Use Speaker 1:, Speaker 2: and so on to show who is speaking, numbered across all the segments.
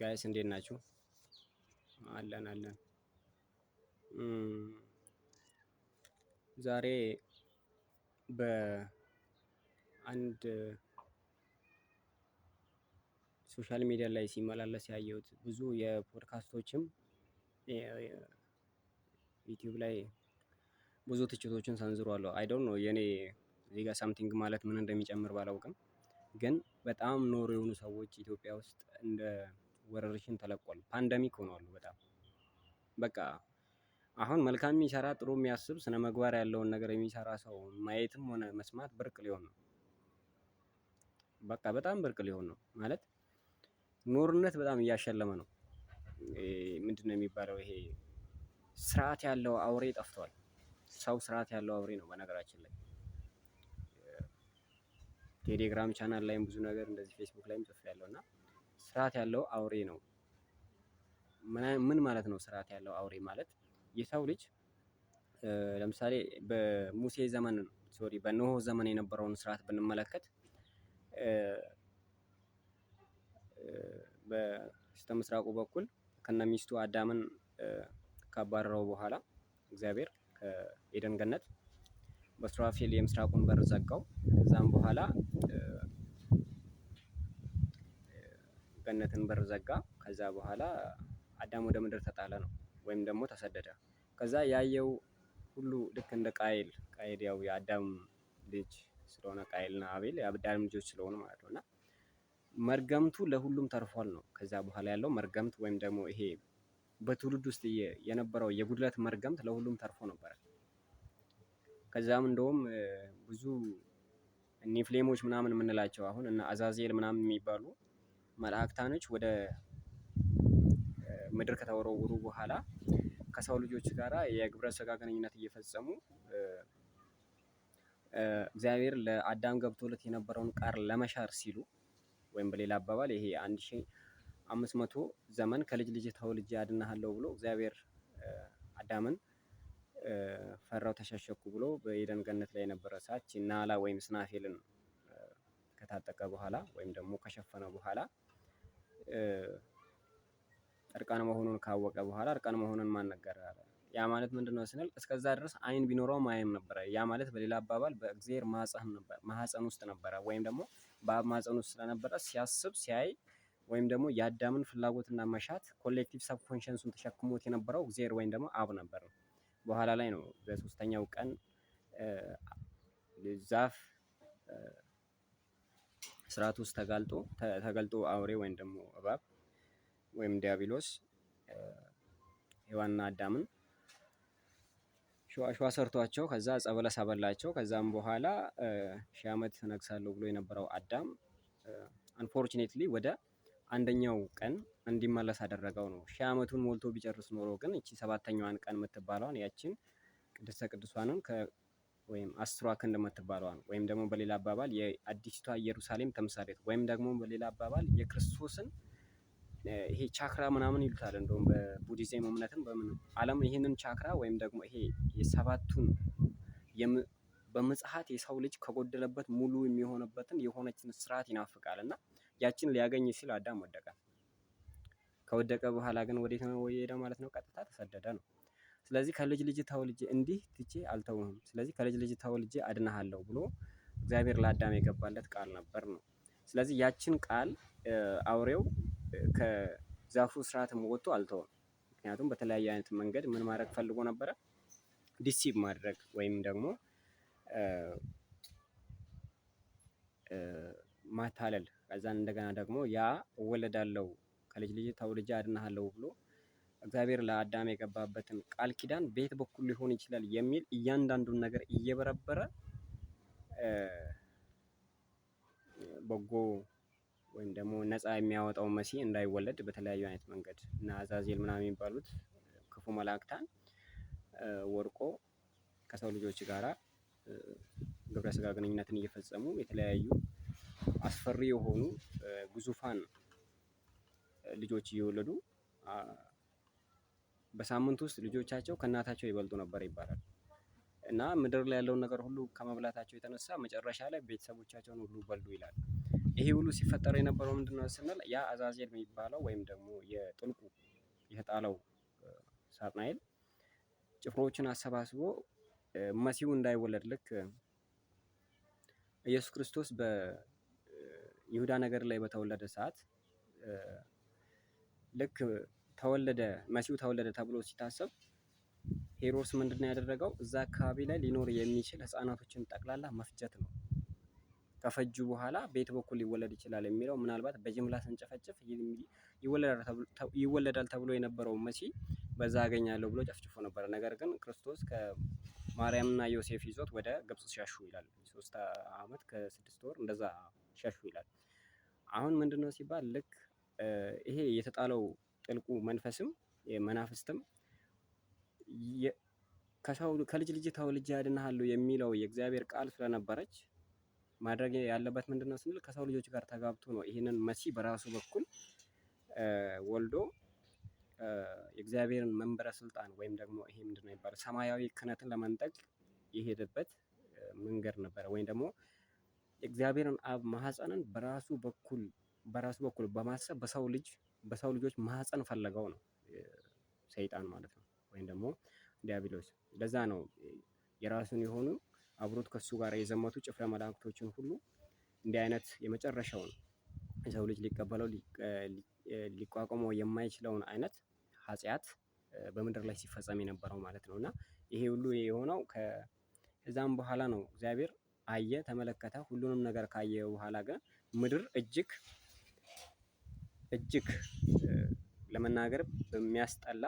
Speaker 1: ጋይስ እንዴት ናችሁ? አለን አለን። ዛሬ በአንድ ሶሻል ሚዲያ ላይ ሲመላለስ ያየሁት ብዙ የፖድካስቶችም ዩቲዩብ ላይ ብዙ ትችቶችን ሰንዝሯል። አይ ዶንት ኖ የኔ ዜጋ ሳምቲንግ ማለት ምን እንደሚጨምር ባላውቅም ግን በጣም ኖር የሆኑ ሰዎች ኢትዮጵያ ውስጥ እንደ ወረርሽኝ ተለቋል። ፓንደሚክ ሆኗሉ። በጣም በቃ አሁን መልካም የሚሰራ ጥሩ የሚያስብ ስነ መግባር ያለውን ነገር የሚሰራ ሰው ማየትም ሆነ መስማት ብርቅ ሊሆን ነው። በቃ በጣም ብርቅ ሊሆን ነው ማለት ኖርነት በጣም እያሸለመ ነው። ምንድነው የሚባለው? ይሄ ስርዓት ያለው አውሬ ጠፍቷል። ሰው ስርዓት ያለው አውሬ ነው በነገራችን ላይ ቴሌግራም ቻናል ላይም ብዙ ነገር እንደዚህ ፌስቡክ ላይም ጽፍ ያለው እና ስርዓት ያለው አውሬ ነው። ምን ማለት ነው ስርዓት ያለው አውሬ ማለት? የሰው ልጅ ለምሳሌ በሙሴ ዘመን ሶሪ በኖሆ ዘመን የነበረውን ስርዓት ብንመለከት በስተ ምስራቁ በኩል ከነሚስቱ አዳምን ካባረረው በኋላ እግዚአብሔር ከኤደን ገነት በሱራፌል የምስራቁን በር ዘጋው። ከዛም በኋላ ገነትን በር ዘጋ። ከዛ በኋላ አዳም ወደ ምድር ተጣለ ነው ወይም ደግሞ ተሰደደ። ከዛ ያየው ሁሉ ልክ እንደ ቃይል ቃይል ያው የአዳም ልጅ ስለሆነ ቃይልና አቤል የአዳም ልጆች ስለሆኑ ማለት ነው እና መርገምቱ ለሁሉም ተርፏል ነው። ከዛ በኋላ ያለው መርገምት ወይም ደግሞ ይሄ በትውልድ ውስጥ የነበረው የጉድለት መርገምት ለሁሉም ተርፎ ነበረ። ከዛም እንደውም ብዙ ኒፍሌሞች ምናምን የምንላቸው አሁን እና አዛዜል ምናምን የሚባሉ መላእክታኖች ወደ ምድር ከተወረወሩ በኋላ ከሰው ልጆች ጋር የግብረ ስጋ ግንኙነት እየፈጸሙ እግዚአብሔር ለአዳም ገብቶለት የነበረውን ቃር ለመሻር ሲሉ ወይም በሌላ አባባል ይሄ አንድ ሺ አምስት መቶ ዘመን ከልጅ ልጅ ተወልጄ አድናሃለሁ ብሎ እግዚአብሔር አዳምን ፈራው ተሸሸኩ ብሎ በኤደን ገነት ላይ የነበረ ሳች ናላ ወይም ስናፌልን ከታጠቀ በኋላ ወይም ደግሞ ከሸፈነ በኋላ እርቃን መሆኑን ካወቀ በኋላ እርቃን መሆኑን ማን ነገረ? ያ ማለት ምንድን ነው ስንል እስከዛ ድረስ አይን ቢኖረውም ማየም ነበረ። ያ ማለት በሌላ አባባል በእግዜር ማህፀን ውስጥ ነበረ፣ ወይም ደግሞ በአብ ማህፀን ውስጥ ስለነበረ ሲያስብ ሲያይ ወይም ደግሞ የአዳምን ፍላጎትና መሻት ኮሌክቲቭ ሰብኮንሽንሱን ተሸክሞት የነበረው እግዜር ወይም ደግሞ አብ ነበር ነው። በኋላ ላይ ነው በሶስተኛው ቀን ዛፍ ስርዓት ውስጥ ተጋልጦ ተገልጦ አውሬ ወይም ደግሞ እባብ ወይም ዲያብሎስ ሔዋንና አዳምን ሸዋሸዋ ሰርቷቸው ከዛ ዕፀ አበላቸው። ከዛም በኋላ ሺህ ዓመት ነግሳለሁ ብሎ የነበረው አዳም አንፎርችኔትሊ ወደ አንደኛው ቀን እንዲመለስ አደረገው ነው። ሺህ ዓመቱን ሞልቶ ቢጨርስ ኖሮ ግን እቺ ሰባተኛዋን ቀን የምትባለዋን ያችን ቅድስተ ቅዱሳንን ወይም አስሯ ክንድ የምትባለዋን ወይም ደግሞ በሌላ አባባል የአዲስቷ ኢየሩሳሌም ተምሳሌት ወይም ደግሞ በሌላ አባባል የክርስቶስን ይሄ ቻክራ ምናምን ይሉታል። እንደውም በቡዲዝም እምነትም በምን ዓለም ይህንን ቻክራ ወይም ደግሞ ይሄ የሰባቱን በምጽሐት የሰው ልጅ ከጎደለበት ሙሉ የሚሆንበትን የሆነችን ስርዓት ይናፍቃል እና ያችን ሊያገኝ ሲል አዳም ወደቀ። ከወደቀ በኋላ ግን ወዴት ነው የሄደው ማለት ነው? ቀጥታ ተሰደደ ነው። ስለዚህ ከልጅ ልጅ ተወልጄ እንዲህ ትቼ አልተውህም፣ ስለዚህ ከልጅ ልጅ ተወልጄ አድናሃለሁ ብሎ እግዚአብሔር ለአዳም የገባለት ቃል ነበር ነው። ስለዚህ ያችን ቃል አውሬው ከዛፉ ስርዓትም ወጥቶ አልተውም። ምክንያቱም በተለያየ አይነት መንገድ ምን ማድረግ ፈልጎ ነበረ? ዲሲብ ማድረግ ወይም ደግሞ ማታለል ከዛን እንደገና ደግሞ ያ እወለዳለሁ ከልጅ ልጅ ተወልጄ አድንሃለሁ ብሎ እግዚአብሔር ለአዳም የገባበትን ቃል ኪዳን በየት በኩል ሊሆን ይችላል የሚል እያንዳንዱን ነገር እየበረበረ በጎ ወይም ደግሞ ነፃ የሚያወጣው መሲ እንዳይወለድ በተለያዩ አይነት መንገድ እና አዛዜል ምናምን የሚባሉት ክፉ መላእክታን ወርቆ ከሰው ልጆች ጋራ ግብረ ስጋ ግንኙነትን እየፈጸሙ የተለያዩ አስፈሪ የሆኑ ግዙፋን ልጆች እየወለዱ በሳምንት ውስጥ ልጆቻቸው ከእናታቸው ይበልጡ ነበር ይባላል እና ምድር ላይ ያለውን ነገር ሁሉ ከመብላታቸው የተነሳ መጨረሻ ላይ ቤተሰቦቻቸውን ሁሉ በሉ ይላል። ይሄ ሁሉ ሲፈጠር የነበረው ምንድን ነው ስንል ያ አዛዜል የሚባለው ወይም ደግሞ የጥልቁ የተጣለው ሳጥናኤል ጭፍሮቹን አሰባስቦ መሲሁ እንዳይወለድ ልክ ኢየሱስ ክርስቶስ ይሁዳ ነገር ላይ በተወለደ ሰዓት ልክ ተወለደ መሲሁ ተወለደ ተብሎ ሲታሰብ ሄሮድስ ምንድነው ያደረገው? እዛ አካባቢ ላይ ሊኖር የሚችል ህፃናቶችን ጠቅላላ መፍጀት ነው። ከፈጁ በኋላ ቤት በኩል ሊወለድ ይችላል የሚለው ምናልባት በጅምላ ስንጨፈጭፍ ይወለዳል ተብሎ የነበረው መሲ በዛ አገኛለሁ ብሎ ጨፍጭፎ ነበረ ነገር ግን ክርስቶስ ከማርያምና ዮሴፍ ይዞት ወደ ግብፅ ሸሹ ይላል። ሶስት ዓመት ከስድስት ወር እንደዛ ሻሹ ይላል። አሁን ምንድነው ሲባል ልክ ይሄ የተጣለው ጥልቁ መንፈስም መናፍስትም ከሰው ከልጅ ልጅ ልጅ ያድንሃለሁ የሚለው የእግዚአብሔር ቃል ስለነበረች ማድረግ ያለበት ምንድነው ስንል ከሰው ልጆች ጋር ተጋብቶ ነው ይህንን መሲ በራሱ በኩል ወልዶ የእግዚአብሔርን መንበረ ስልጣን ወይም ደግሞ ይሄ ምንድነው የሚባለው ሰማያዊ ክህነትን ለመንጠቅ የሄደበት መንገድ ነበረ ወይም ደግሞ እግዚአብሔርን አብ ማህፀንን በራሱ በኩል በራሱ በኩል በማሰብ በሰው ልጅ በሰው ልጆች ማህፀን ፈለገው ነው ሰይጣን ማለት ነው፣ ወይም ደግሞ ዲያብሎስ። ለዛ ነው የራሱን የሆኑ አብሮት ከሱ ጋር የዘመቱ ጭፍረ መላእክቶችን ሁሉ እንዲህ አይነት የመጨረሻውን የሰው ልጅ ሊቀበለው ሊቋቋመው የማይችለውን አይነት ኃጢአት በምድር ላይ ሲፈጸም የነበረው ማለት ነው። እና ይሄ ሁሉ የሆነው ከዛም በኋላ ነው እግዚአብሔር አየ ተመለከተ። ሁሉንም ነገር ካየ በኋላ ግን ምድር እጅግ እጅግ ለመናገር በሚያስጠላ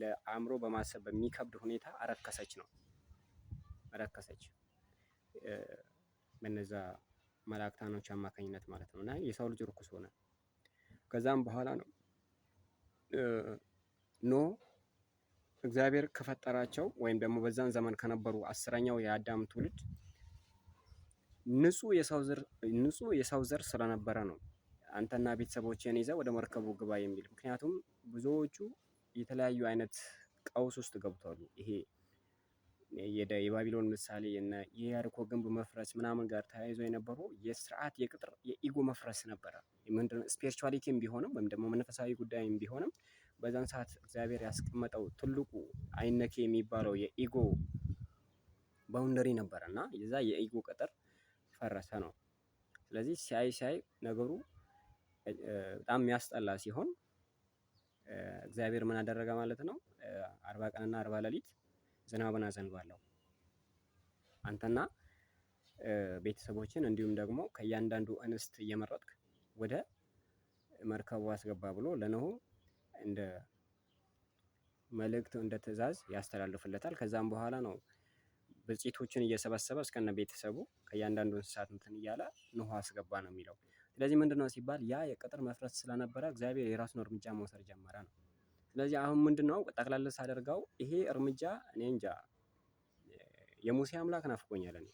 Speaker 1: ለአእምሮ በማሰብ በሚከብድ ሁኔታ አረከሰች ነው አረከሰች በነዛ መላእክታኖች አማካኝነት ማለት ነው። እና የሰው ልጅ ርኩስ ሆነ። ከዛም በኋላ ነው ኖ እግዚአብሔር ከፈጠራቸው ወይም ደግሞ በዛን ዘመን ከነበሩ አስረኛው የአዳም ትውልድ ንጹህ የሰው ዘር ስለነበረ ነው አንተና ቤተሰቦችን ይዘ ወደ መርከቡ ግባ የሚል። ምክንያቱም ብዙዎቹ የተለያዩ አይነት ቀውስ ውስጥ ገብቷሉ። ይሄ የባቢሎን ምሳሌ እና የያሪኮ ግንብ መፍረስ ምናምን ጋር ተያይዞ የነበሩ የስርዓት የቅጥር የኢጎ መፍረስ ነበረ። ስፒሪቹዋሊቲም ቢሆንም ወይም ደግሞ መንፈሳዊ ጉዳይም ቢሆንም በዛን ሰዓት እግዚአብሔር ያስቀመጠው ትልቁ አይነኬ የሚባለው የኢጎ ባውንደሪ ነበረ እና የዛ የኢጎ ቅጥር ፈረሰ ነው። ስለዚህ ሲያይ ሲያይ ነገሩ በጣም የሚያስጠላ ሲሆን እግዚአብሔር ምን አደረገ ማለት ነው። አርባ ቀንና አርባ ሌሊት ዝናብን አዘንባለሁ አንተና ቤተሰቦችን እንዲሁም ደግሞ ከእያንዳንዱ እንስት እየመረጥክ ወደ መርከቡ አስገባ ብሎ ለነሆ እንደ መልእክት እንደ ትእዛዝ ያስተላልፍለታል። ከዛም በኋላ ነው ብልጭቶችን እየሰበሰበ እስከነ ቤተሰቡ ከእያንዳንዱ እንስሳት እንትን እያለ ንሆ አስገባ ነው የሚለው። ስለዚህ ምንድነው ሲባል ያ የቅጥር መፍረስ ስለነበረ እግዚአብሔር የራሱን እርምጃ መውሰድ ጀመረ ነው። ስለዚህ አሁን ምንድነው ጠቅላላ ሳደርገው ይሄ እርምጃ እኔ እንጃ የሙሴ አምላክ ናፍቆኛል። እኔ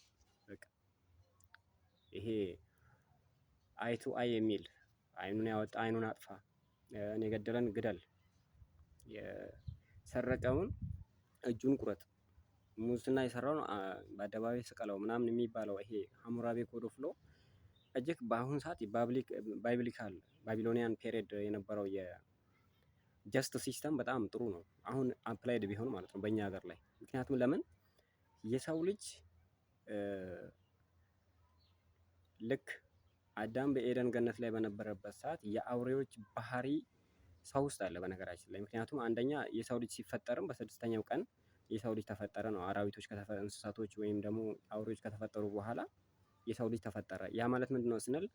Speaker 1: በቃ ይሄ አይቱ አይ የሚል አይኑን ያወጣ አይኑን አጥፋ፣ የገደለን ግደል፣ የሰረቀውን እጁን ቁረጥ ሙስና ነው በአደባባይ ስቀለው ምናምን የሚባለው ይሄ ሀሙራቢ ኮድ ኦፍ ሎው እጅግ በአሁኑ ሰዓት ባይብሊካል ባቢሎኒያን ፔሪድ የነበረው የጀስት ሲስተም በጣም ጥሩ ነው። አሁን አፕላይድ ቢሆን ማለት ነው በእኛ ሀገር ላይ ምክንያቱም ለምን የሰው ልጅ ልክ አዳም በኤደን ገነት ላይ በነበረበት ሰዓት የአውሬዎች ባህሪ ሰው ውስጥ አለ በነገራችን ላይ። ምክንያቱም አንደኛ የሰው ልጅ ሲፈጠርም በስድስተኛው ቀን የሰው ልጅ ተፈጠረ ነው። አራዊቶች እንስሳቶች ወይም ደግሞ አውሬዎች ከተፈጠሩ በኋላ የሰው ልጅ ተፈጠረ። ያ ማለት ምንድን ነው ስንል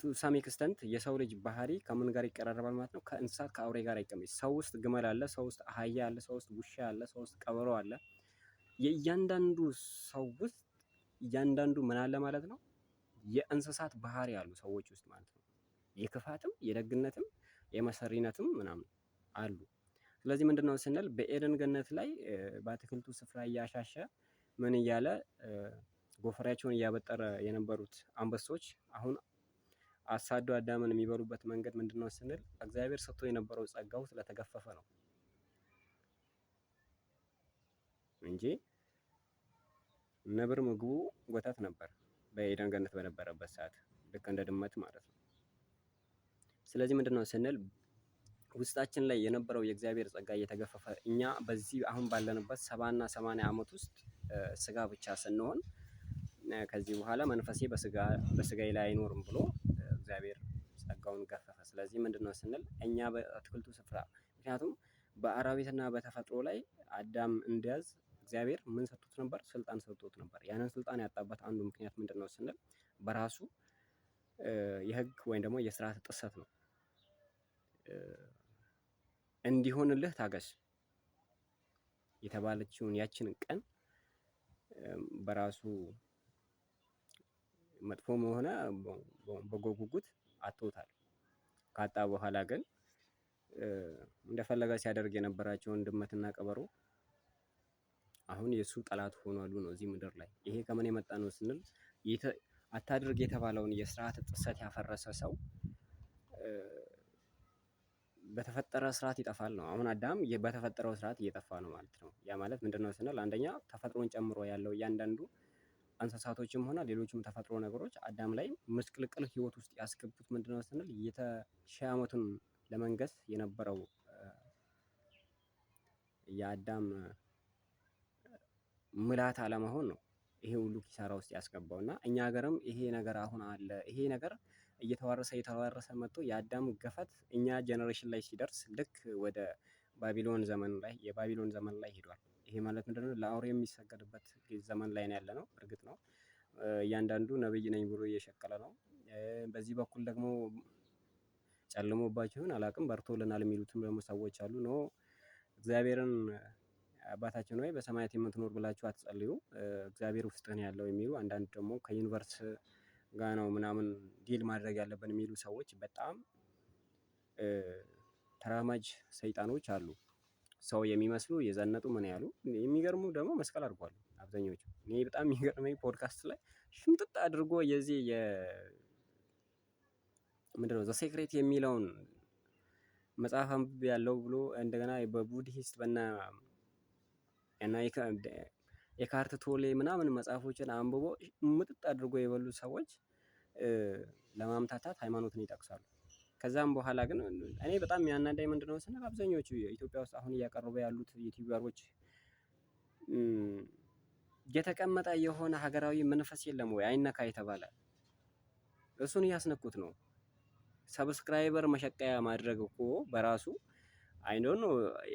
Speaker 1: ቱ ሳም ኤክስተንት የሰው ልጅ ባህሪ ከምን ጋር ይቀራረባል ማለት ነው? ከእንስሳት ከአውሬ ጋር ይቀመጥ። ሰው ውስጥ ግመል አለ፣ ሰው ውስጥ አህያ አለ፣ ሰው ውስጥ ውሻ አለ፣ ሰው ውስጥ ቀበሮ አለ። የእያንዳንዱ ሰው ውስጥ እያንዳንዱ ምን አለ ማለት ነው? የእንስሳት ባህሪ አሉ ሰዎች ውስጥ ማለት ነው። የክፋትም የደግነትም የመሰሪነትም ምናምን አሉ። ስለዚህ ምንድን ነው ስንል በኤደን ገነት ላይ በአትክልቱ ስፍራ እያሻሸ ምን እያለ ጎፈሪያቸውን እያበጠረ የነበሩት አንበሶች አሁን አሳዶ አዳምን የሚበሉበት መንገድ ምንድን ነው ስንል እግዚአብሔር ሰጥቶ የነበረው ጸጋው ስለተገፈፈ ነው እንጂ ነብር ምግቡ ጎታት ነበር በኤደን ገነት በነበረበት ሰዓት ልክ እንደ ድመት ማለት ነው። ስለዚህ ምንድን ነው ስንል ውስጣችን ላይ የነበረው የእግዚአብሔር ጸጋ እየተገፈፈ እኛ በዚህ አሁን ባለንበት ሰባና ሰማንያ ዓመት ውስጥ ስጋ ብቻ ስንሆን ከዚህ በኋላ መንፈሴ በስጋዬ ላይ አይኖርም ብሎ እግዚአብሔር ጸጋውን ገፈፈ። ስለዚህ ምንድን ነው ስንል እኛ በአትክልቱ ስፍራ ምክንያቱም በአራዊትና በተፈጥሮ ላይ አዳም እንዲያዝ እግዚአብሔር ምን ሰጥቶት ነበር? ስልጣን ሰጥቶት ነበር። ያንን ስልጣን ያጣበት አንዱ ምክንያት ምንድን ነው ስንል በራሱ የህግ ወይም ደግሞ የስርዓት ጥሰት ነው። እንዲሆንልህ ታገስ የተባለችውን ያችን ቀን በራሱ መጥፎ ሆነ በጎጉጉት አቶታል። አጥቶታል። ካጣ በኋላ ግን እንደፈለገ ሲያደርግ የነበራቸውን ድመትና ቀበሮ አሁን የእሱ ጠላት ሆኗሉ ነው እዚህ ምድር ላይ። ይሄ ከምን የመጣ ነው ስንል አታድርግ የተባለውን የስርዓት ጥሰት ያፈረሰ ሰው በተፈጠረ ስርዓት ይጠፋል ነው። አሁን አዳም በተፈጠረው ስርዓት እየጠፋ ነው ማለት ነው። ያ ማለት ምንድነው ስንል አንደኛ ተፈጥሮን ጨምሮ ያለው እያንዳንዱ እንስሳቶችም ሆነ ሌሎችም ተፈጥሮ ነገሮች አዳም ላይ ምስቅልቅል ህይወት ውስጥ ያስገቡት ነው ስንል የተ ዓመቱን ለመንገስ የነበረው የአዳም ምላት አለመሆን ነው። ይሄ ሁሉ ኪሳራ ውስጥ ያስገባው እና እኛ ሀገርም ይሄ ነገር አሁን አለ ይሄ ነገር እየተዋረሰ እየተዋረሰ መጥቶ የአዳም ገፈት እኛ ጀነሬሽን ላይ ሲደርስ ልክ ወደ ባቢሎን ዘመን ላይ የባቢሎን ዘመን ላይ ሄዷል። ይሄ ማለት ነው? ለአውሬ የሚሰገድበት ዘመን ላይ ነው ነው። እርግጥ ነው እያንዳንዱ ነብይ ነኝ ብሎ እየሸቀለ ነው። በዚህ በኩል ደግሞ ጨልሞባቸው ይሁን አላቅም በርቶልናል የሚሉትም ደግሞ ሰዎች አሉ። ኖ እግዚአብሔርን አባታችን ወይ በሰማያት የምትኖር ብላችሁ አትጸልዩ፣ እግዚአብሔር ውስጥ ነው ያለው የሚሉ አንዳንድ ደግሞ ከዩኒቨርስ ጋ ነው ምናምን ዲል ማድረግ ያለብን የሚሉ ሰዎች በጣም ተራማጅ ሰይጣኖች አሉ። ሰው የሚመስሉ የዘነጡ ምን ያሉ የሚገርሙ ደግሞ መስቀል አድርጓሉ አብዛኞቹ እኔ በጣም የሚገርመኝ ፖድካስት ላይ ሽምጥጥ አድርጎ የዚህ የ ምንድነው ሴክሬት የሚለውን መጽሐፍ ያለው ብሎ እንደገና በቡድሂስት በና የካርት ቶሌ ምናምን መጽሐፎችን አንብቦ ምጥጥ አድርጎ የበሉ ሰዎች ለማምታታት ሃይማኖትን ይጠቅሳሉ። ከዛም በኋላ ግን እኔ በጣም የሚያናዳኝ ምንድነው? ስንል አብዛኞቹ ኢትዮጵያ ውስጥ አሁን እያቀረቡ ያሉት ዩቲዩበሮች የተቀመጠ የሆነ ሀገራዊ መንፈስ የለም ወይ አይነካ የተባለ እሱን እያስነኩት ነው። ሰብስክራይበር መሸቀያ ማድረግ እኮ በራሱ አይ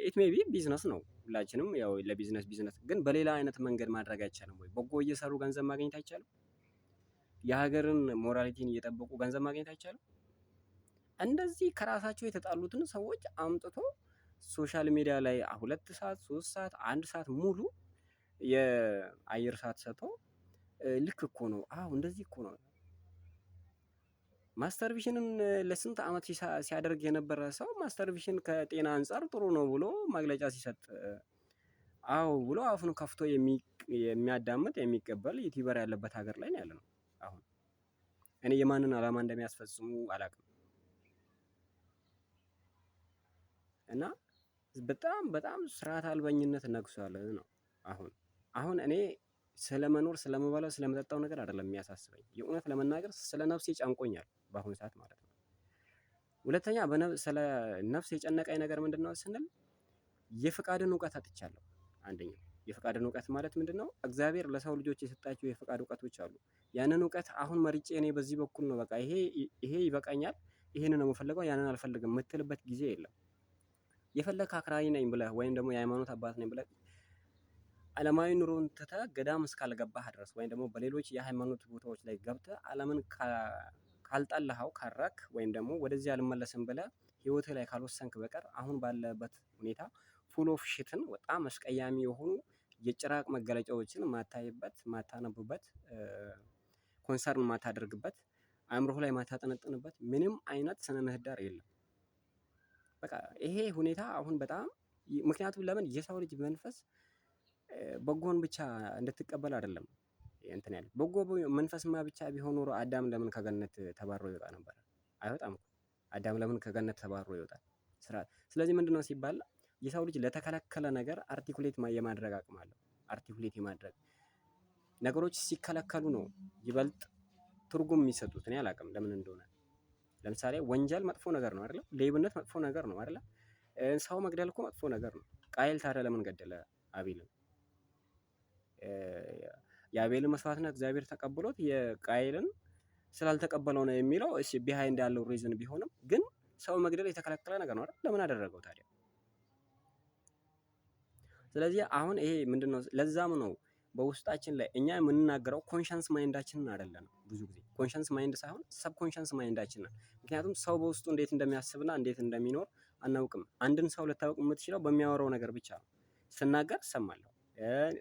Speaker 1: ኢት ሜይ ቢ ቢዝነስ ነው። ሁላችንም ያው ለቢዝነስ ቢዝነስ ግን በሌላ አይነት መንገድ ማድረግ አይቻልም ወይ? በጎ እየሰሩ ገንዘብ ማግኘት አይቻልም? የሀገርን ሞራሊቲን እየጠበቁ ገንዘብ ማግኘት አይቻልም? እንደዚህ ከራሳቸው የተጣሉትን ሰዎች አምጥቶ ሶሻል ሚዲያ ላይ ሁለት ሰዓት ሶስት ሰዓት አንድ ሰዓት ሙሉ የአየር ሰዓት ሰጥቶ ልክ እኮ ነው፣ አዎ እንደዚህ እኮ ነው ማስተር ቪዥንን ለስንት አመት ሲያደርግ የነበረ ሰው ማስተርቪሽን ከጤና አንፃር ጥሩ ነው ብሎ መግለጫ ሲሰጥ አዎ ብሎ አፉን ከፍቶ የሚያዳምጥ የሚቀበል ዩቲዩበር ያለበት ሀገር ላይ ነው አሁን እኔ የማንን አላማ እንደሚያስፈጽሙ አላውቅም። እና በጣም በጣም ስርዓት አልበኝነት ነግሷል ነው አሁን አሁን እኔ ስለመኖር ስለምበላው ስለመጠጣው ነገር አይደለም የሚያሳስበኝ የእውነት ለመናገር ስለ ነፍሴ ጨንቆኛል። በአሁኑ ሰዓት ማለት ነው። ሁለተኛ ስለ ነፍስ የጨነቀኝ ነገር ምንድን ነው ስንል የፍቃድን እውቀት አጥቻለሁ። አንደኛ የፍቃድን እውቀት ማለት ምንድን ነው? እግዚአብሔር ለሰው ልጆች የሰጣቸው የፍቃድ እውቀቶች አሉ። ያንን እውቀት አሁን መርጬ እኔ በዚህ በኩል ነው በቃ ይሄ ይሄ ይበቃኛል፣ ይሄንን ነው የምፈልገው፣ ያንን አልፈልግም የምትልበት ጊዜ የለም። የፈለግ አክራሪ ነኝ ብለህ ወይም ደግሞ የሃይማኖት አባት ነኝ ብለህ ዓለማዊ ኑሮን ትተህ ገዳም እስካልገባህ ድረስ ወይም ደግሞ በሌሎች የሃይማኖት ቦታዎች ላይ ገብተህ ዓለምን ካልጠላኸው ካረክ ወይም ደግሞ ወደዚህ አልመለስም ብለህ ህይወትህ ላይ ካልወሰንክ በቀር አሁን ባለበት ሁኔታ ፉል ኦፍ ሽትን በጣም አስቀያሚ የሆኑ የጭራቅ መገለጫዎችን ማታይበት ማታነብበት ኮንሰርን ማታደርግበት አእምሮህ ላይ ማታጠነጥንበት ምንም አይነት ስነ ምህዳር የለም። በቃ ይሄ ሁኔታ አሁን በጣም ምክንያቱም ለምን የሰው ልጅ መንፈስ በጎን ብቻ እንድትቀበል አይደለም እንትን ያለ በጎ መንፈስማ ብቻ ቢሆን ኖሮ አዳም ለምን ከገነት ተባሮ ይወጣ ነበር? አይወጣም። አዳም ለምን ከገነት ተባሮ ይወጣል? ስርዓት። ስለዚህ ምንድነው ሲባል የሰው ልጅ ለተከለከለ ነገር አርቲኩሌት የማድረግ አቅም አለው። አርቲኩሌት የማድረግ ነገሮች ሲከለከሉ ነው ይበልጥ ትርጉም የሚሰጡት። እኔ አላውቅም ለምን እንደሆነ። ለምሳሌ ወንጀል መጥፎ ነገር ነው አይደለ? ሌብነት መጥፎ ነገር ነው አይደለ? ሰው መግደል እኮ መጥፎ ነገር ነው። ቃየል ታዲያ ለምን ገደለ አቤልን? የአቤልን መስዋዕትነት እግዚአብሔር ተቀብሎት የቃይልን ስላልተቀበለው ነው የሚለው እሺ ቢሃይንድ ያለው ሪዝን ቢሆንም ግን ሰው መግደል የተከለከለ ነገር ነው አይደል? ለምን አደረገው ታዲያ? ስለዚህ አሁን ይሄ ምንድነው? ለዛም ነው በውስጣችን ላይ እኛ የምንናገረው ኮንሻንስ ማይንዳችንን አይደለንም። ብዙ ጊዜ ኮንሻንስ ማይንድ ሳይሆን ሰብኮንሻንስ ማይንዳችንን። ምክንያቱም ሰው በውስጡ እንዴት እንደሚያስብና እንዴት እንደሚኖር አናውቅም። አንድን ሰው ልታውቅ የምትችለው በሚያወራው ነገር ብቻ ነው። ስናገር እሰማለሁ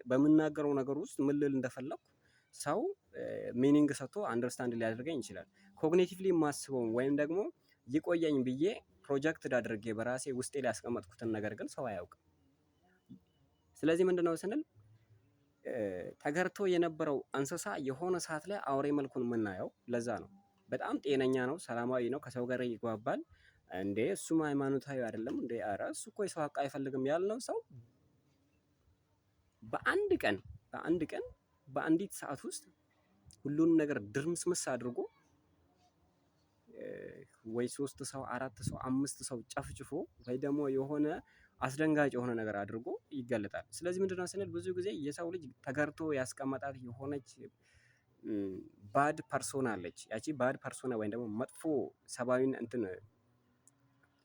Speaker 1: በምናገረው ነገር ውስጥ ምልል ልል እንደፈለኩ ሰው ሚኒንግ ሰጥቶ አንደርስታንድ ሊያደርገኝ ይችላል። ኮግኒቲቭሊ የማስበውን ወይም ደግሞ ይቆየኝ ብዬ ፕሮጀክት አድርጌ በራሴ ውስጤ ሊያስቀመጥኩትን ያስቀመጥኩትን ነገር ግን ሰው አያውቅም። ስለዚህ ምንድነው ስንል ተገርቶ የነበረው እንስሳ የሆነ ሰዓት ላይ አውሬ መልኩን የምናየው ለዛ ነው። በጣም ጤነኛ ነው፣ ሰላማዊ ነው፣ ከሰው ጋር ይግባባል። እንዴ እሱም ሃይማኖታዊ አይደለም እንዴ ኧረ እሱ እኮ የሰው ሀቅ አይፈልግም ያልነው ሰው በአንድ ቀን በአንድ ቀን በአንዲት ሰዓት ውስጥ ሁሉንም ነገር ድርምስምስ አድርጎ ወይ ሶስት ሰው አራት ሰው አምስት ሰው ጨፍጭፎ ወይ ደግሞ የሆነ አስደንጋጭ የሆነ ነገር አድርጎ ይገለጣል። ስለዚህ ምንድነው ስንል ብዙ ጊዜ የሰው ልጅ ተገርቶ ያስቀመጣት የሆነች ባድ ፐርሶና አለች። ያቺ ባድ ፐርሶና ወይም ደግሞ መጥፎ ሰብአዊ እንትን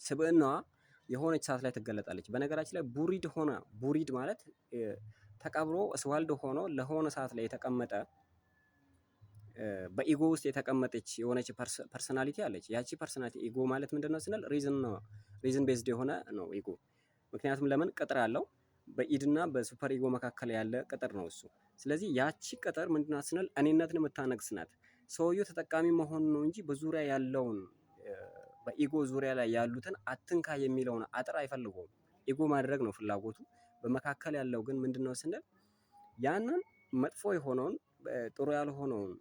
Speaker 1: ስብዕናዋ የሆነች ሰዓት ላይ ትገለጣለች። በነገራችን ላይ ቡሪድ ሆና ቡሪድ ማለት ተቀብሮ እስዋልድ ሆኖ ለሆነ ሰዓት ላይ የተቀመጠ በኢጎ ውስጥ የተቀመጠች የሆነች ፐርሰናሊቲ አለች። ያቺ ፐርሶናሊቲ ኢጎ ማለት ምንድን ነው ስንል ሪዝን ነው። ሪዝን ቤዝድ የሆነ ነው ኢጎ። ምክንያቱም ለምን ቅጥር አለው በኢድና በሱፐር ኢጎ መካከል ያለ ቅጥር ነው እሱ። ስለዚህ ያቺ ቅጥር ምንድናት ስንል እኔነትን የምታነግስ ናት። ሰውየው ተጠቃሚ መሆን ነው እንጂ በዙሪያ ያለውን በኢጎ ዙሪያ ላይ ያሉትን አትንካ የሚለውን አጥር አይፈልገውም። ኢጎ ማድረግ ነው ፍላጎቱ። በመካከል ያለው ግን ምንድነው ስንል ያንን መጥፎ የሆነውን ጥሩ ያልሆነውን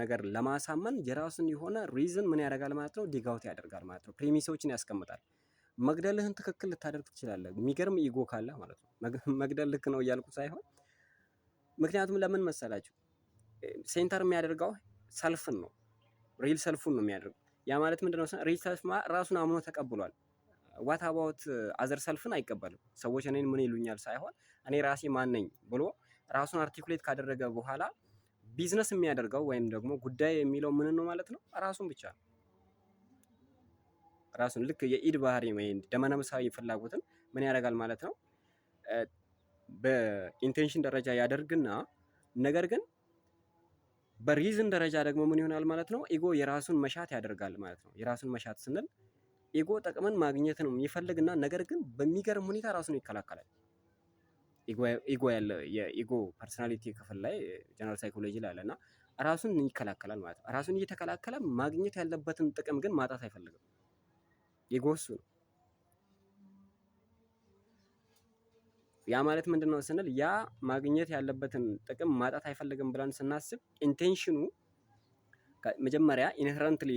Speaker 1: ነገር ለማሳመን የራሱን የሆነ ሪዝን ምን ያደርጋል ማለት ነው ዲጋውት ያደርጋል ማለት ነው። ፕሪሚሶችን ያስቀምጣል። መግደልህን ትክክል ልታደርግ ትችላለህ። የሚገርም ኢጎ ካለህ ማለት ነው። መግደል ልክ ነው እያልኩ ሳይሆን ምክንያቱም ለምን መሰላችሁ ሴንተር የሚያደርገው ሰልፍን ነው። ሪል ሰልፉን ነው የሚያደርገው። ያ ማለት ምንድነው ሪል ሰልፍ ራሱን አምኖ ተቀብሏል። ዋት አባውት አዘር ሰልፍን አይቀበልም። ሰዎች እኔን ምን ይሉኛል ሳይሆን እኔ ራሴ ማን ነኝ ብሎ ራሱን አርቲኩሌት ካደረገ በኋላ ቢዝነስ የሚያደርገው ወይም ደግሞ ጉዳይ የሚለው ምን ነው ማለት ነው? ራሱን ብቻ ነው። ራሱን ልክ የኢድ ባህሪ ወይም ደመነፍሳዊ ፍላጎትን ምን ያደርጋል ማለት ነው? በኢንቴንሽን ደረጃ ያደርግና ነገር ግን በሪዝን ደረጃ ደግሞ ምን ይሆናል ማለት ነው? ኢጎ የራሱን መሻት ያደርጋል ማለት ነው። የራሱን መሻት ስንል ኢጎ ጥቅምን ማግኘት ነው የሚፈልግና ነገር ግን በሚገርም ሁኔታ ነው ይከላከላል። ኢጎ ያለ የኢጎ ፐርሰናሊቲ ክፍል ላይ ጀነራል ሳይኮሎጂ ላይ አለ ራሱን ይከላከላል ማለት ነው። ራሱን እየተከላከለ ማግኘት ያለበትን ጥቅም ግን ማጣት አይፈልግም። ኢጎ እሱ ነው። ያ ማለት ምንድን ነው ስንል ያ ማግኘት ያለበትን ጥቅም ማጣት አይፈልግም ብለን ስናስብ ኢንቴንሽኑ መጀመሪያ ኢንሄረንትሊ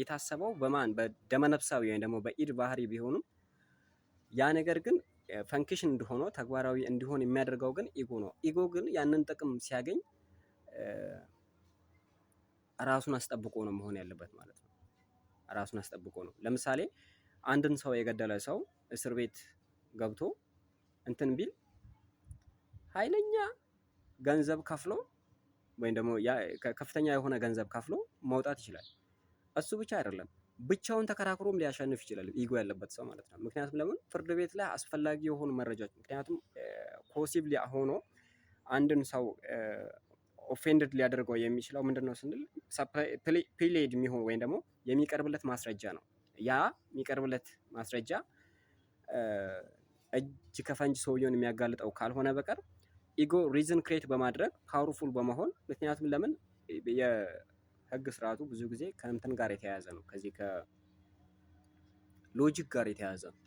Speaker 1: የታሰበው በማን በደመነፍሳዊ ወይም ደግሞ በኢድ ባህሪ ቢሆንም ያ ነገር ግን ፈንክሽን እንደሆነ ተግባራዊ እንዲሆን የሚያደርገው ግን ኢጎ ነው። ኢጎ ግን ያንን ጥቅም ሲያገኝ ራሱን አስጠብቆ ነው መሆን ያለበት ማለት ነው። ራሱን አስጠብቆ ነው። ለምሳሌ አንድን ሰው የገደለ ሰው እስር ቤት ገብቶ እንትን ቢል ኃይለኛ ገንዘብ ከፍለው ወይም ደግሞ ከፍተኛ የሆነ ገንዘብ ከፍሎ መውጣት ይችላል። እሱ ብቻ አይደለም ብቻውን ተከራክሮም ሊያሸንፍ ይችላል፣ ኢጎ ያለበት ሰው ማለት ነው። ምክንያቱም ለምን ፍርድ ቤት ላይ አስፈላጊ የሆኑ መረጃዎች ምክንያቱም ፖሲብሊ ሆኖ አንድን ሰው ኦፌንድድ ሊያደርገው የሚችለው ምንድን ነው ስንል ፕሌድ የሚሆን ወይም ደግሞ የሚቀርብለት ማስረጃ ነው። ያ የሚቀርብለት ማስረጃ እጅ ከፈንጅ ሰውየውን የሚያጋልጠው ካልሆነ በቀር ኢጎ ሪዝን ክሬት በማድረግ ፓወርፉል በመሆን ምክንያቱም ለምን የህግ ስርዓቱ ብዙ ጊዜ ከእንትን ጋር የተያያዘ ነው ከዚህ ከሎጂክ ጋር የተያያዘ ነው